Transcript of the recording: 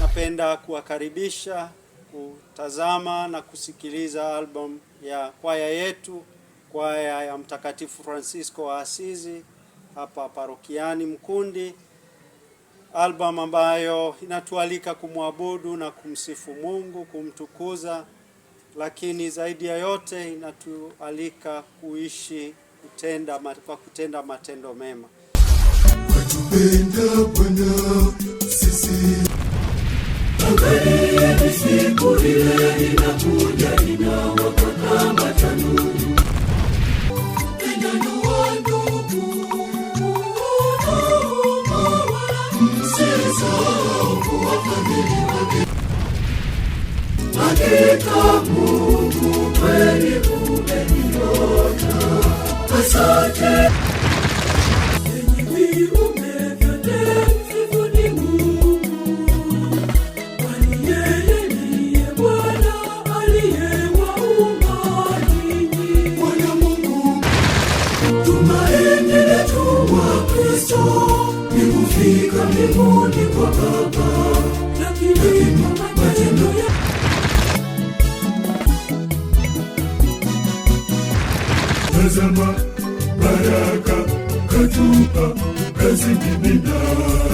Napenda kuwakaribisha kutazama na kusikiliza album ya kwaya yetu kwaya ya Mtakatifu Francisco wa Asizi hapa parokiani Mkundi, albamu ambayo inatualika kumwabudu na kumsifu Mungu, kumtukuza, lakini zaidi ya yote inatualika kuishi kutenda, kwa kutenda matendo mema. Siku ile inakuja Hakika Mungu kweli umeniona. Asante. Tumaini letu wa Kristo, nimefika mbinguni kwa Baba. tazama baraka katupa kazini bila